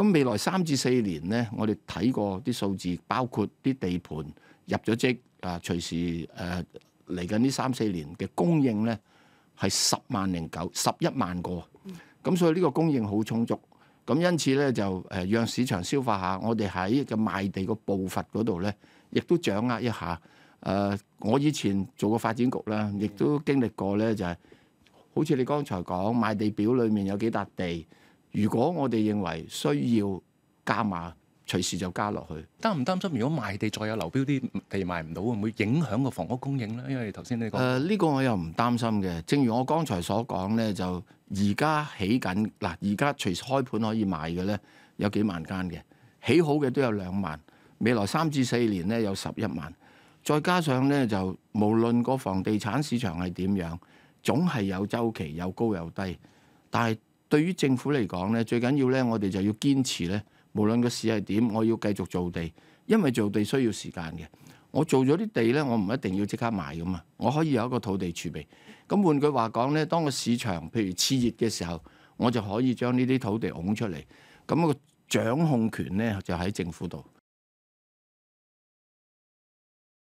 咁未來三至四年呢，我哋睇過啲數字，包括啲地盤入咗職啊，隨時誒嚟緊呢三四年嘅供應呢，係十萬零九、十一萬個，咁所以呢個供應好充足。咁因此呢，就誒讓市場消化下，我哋喺嘅賣地個步伐嗰度呢，亦都掌握一下。誒、啊，我以前做過發展局啦，亦都經歷過呢，就係、是、好似你剛才講賣地表裏面有幾笪地。如果我哋認為需要加碼，隨時就加落去。擔唔擔心？如果賣地再有流標啲地賣唔到，會唔會影響個房屋供應呢？因為頭先你講呢、呃呢個我又唔擔心嘅。正如我剛才所講呢就而家起緊嗱，而家隨時開盤可以賣嘅呢，有幾萬間嘅，起好嘅都有兩萬。未來三至四年呢，有十一萬，再加上呢，就無論個房地產市場係點樣，總係有周期，有高有低，但係，對於政府嚟講咧，最緊要咧，我哋就要堅持咧，無論個市係點，我要繼續造地，因為造地需要時間嘅。我做咗啲地咧，我唔一定要即刻賣㗎嘛，我可以有一個土地儲備。咁換句話講咧，當個市場譬如熾熱嘅時候，我就可以將呢啲土地㧬出嚟。咁個掌控權咧就喺政府度。